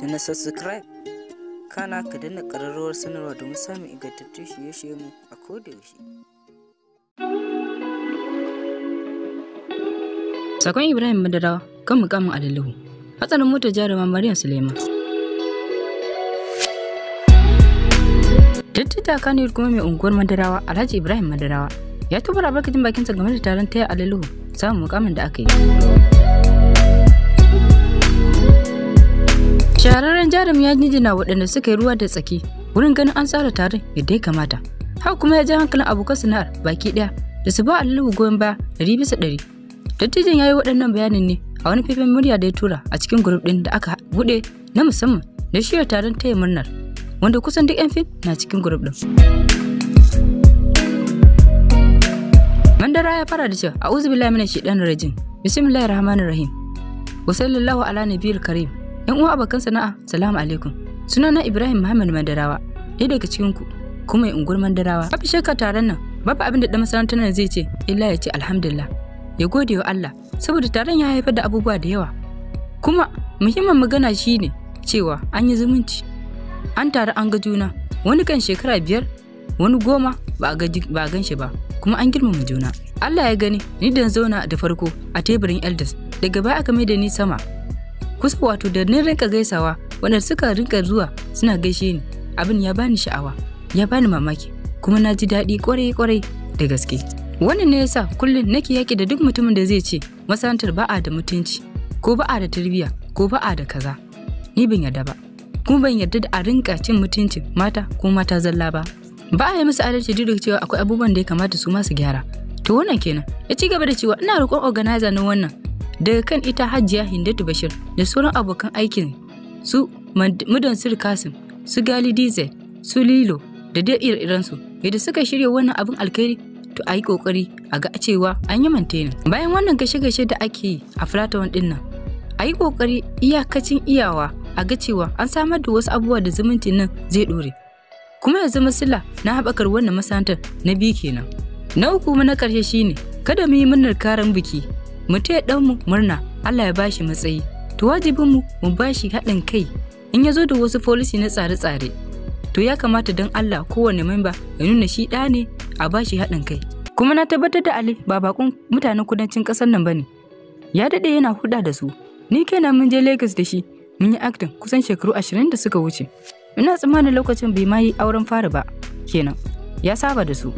da na subscribe kana ka dana kararrawar sanarwa domin samun ingantattun shirye-shirye mu a kodayaushe. Sakon Ibrahim Madarawa kan mukamin Aliluhu. Hatsarin motar jaruma Maryam Suleiman. kano yi kuma mai unguwar Madarawa Alhaji Ibrahim Madarawa ya tubar albarkacin bakinsa game da taron taya Aliluhu samun mukamin da aka yi. shahararren jarum ya jinjina waɗanda suka yi ruwa da tsaki wurin ganin an tsara taron yadda ya kamata haka kuma ya ja hankalin abokan sana'ar baki ɗaya da su ba alilu goyon baya ɗari bisa ɗari dattijan ya yi waɗannan bayanin ne a wani faifan murya da ya tura a cikin grup ɗin da aka buɗe na musamman da shirya taron taya murnar wanda kusan duk 'yan fim na cikin grup ɗin. Mandara ya fara da cewa a a'udhu billahi shi ɗan rajin Bismillahir rahmanir rahim. Wa ala biyar karim. Yan uwa abokan sana'a, salamu alaikum. Sunana Ibrahim Muhammad Madarawa, ɗaya daga cikin ku, kuma mai unguwar Madarawa. Babu shakka taron nan, babu abin da ɗan masarautar nan zai ce, illa ya ce alhamdulillah. Ya gode wa Allah, saboda taron ya haifar da abubuwa da yawa. Kuma muhimmin magana shi ne cewa an yi zumunci. An taru an ga juna, wani kan shekara biyar, wani goma ba a gan shi ba, kuma an girmama juna. Allah ya gani ni da zauna da farko a teburin elders daga baya aka mai da ni sama kusa wato da na rinka gaisawa waɗanda suka rinka zuwa suna gaishe ni abin ya bani sha'awa ya bani mamaki kuma na ji daɗi kwarai kwarai da gaske wannan ne yasa kullum nake yaki da duk mutumin da zai ce masana'antar ba'a da mutunci ko ba'a da tarbiyya ko ba'a da kaza ni ban yarda ba kuma ban yarda da a rinka cin mutunci mata ko mata zalla ba ba a yi musu adalci duk da cewa akwai abubuwan da ya kamata su masu gyara to wannan kenan ya ci gaba da cewa ina roƙon organizer na wannan daga kan ita hajiya hindatu bashir da sauran abokan aikin su mudan sir kasim su gali dizel su lilo da dai ire-irensu yadda suka shirya wannan abin alkhairi to a yi kokari a ga cewa an yi mantena bayan wannan gashe-gashe da ake yi a flatawan din nan a yi kokari iyakacin iyawa a ga cewa an samar da wasu abubuwa da zumunci nan zai dore kuma yanzu zama na haɓakar wannan masantar na biyu kenan na uku na ƙarshe shine kada mu yi murnar karan biki mu taya mu murna Allah ya bashi matsayi to wajibin mu mu bashi haɗin kai in ya zo da wasu policy na tsare-tsare to ya kamata don Allah kowane memba ya nuna shi ɗa ne a bashi haɗin kai kuma na tabbatar da Ali ba bakon mutanen kudancin ƙasar nan bane ya daɗe yana huɗa da su ni kenan mun je Lagos da shi mun yi acting kusan shekaru ashirin da suka wuce ina tsammanin lokacin bai ma yi auren fara ba kenan ya saba da su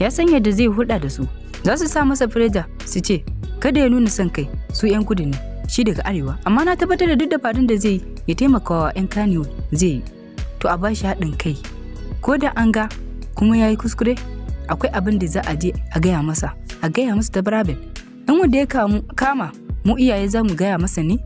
ya san yadda zai hulɗa da su za su sa masa fireja su ce kada ya nuna son kai su 'yan kudu ne shi daga arewa amma na tabbatar da duk dabarun da zai ya taimaka wa 'yan kaniwood zai yi to a bashi haɗin kai ko da an ga kuma ya yi kuskure akwai abin da za a je a gaya masa a gaya masa ta barabin in wanda ya kama mu iyaye za mu gaya masa ne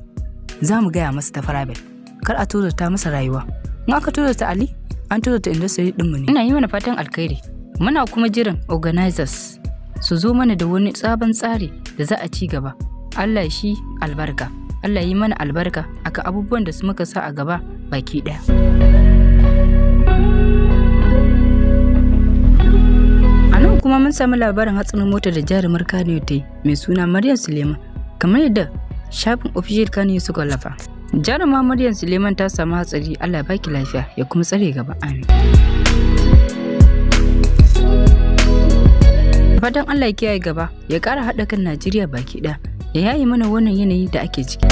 za mu gaya masa ta farabin kar a tozarta masa rayuwa in aka tozarta ali an tozarta industry ɗinmu ne ina yi mana fatan alkhairi muna kuma jiran organizers su zo mana da wani sabon tsari da za a ci gaba Allah shi albarka Allah yi mana albarka aka abubuwan da su muka sa a gaba baki ɗaya. a nan kuma mun sami labarin hatsarin mota da jarumar Kano ta yi mai suna Maryam Suleiman kamar yadda shafin official Kano suka lafa. Jaruma Maryam Suleiman ta samu hatsari Allah baki lafiya ya kuma tsare gaba amin. fatan Allah ya kiyaye gaba ya ƙara haɗa kan Najeriya baki ɗaya ya yaye mana wannan yanayi da ake ciki.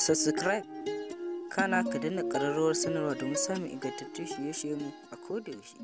subscribe kana ka dana ƙararrawar sanarwa domin samun ingantattun shirye mu a kodayaushe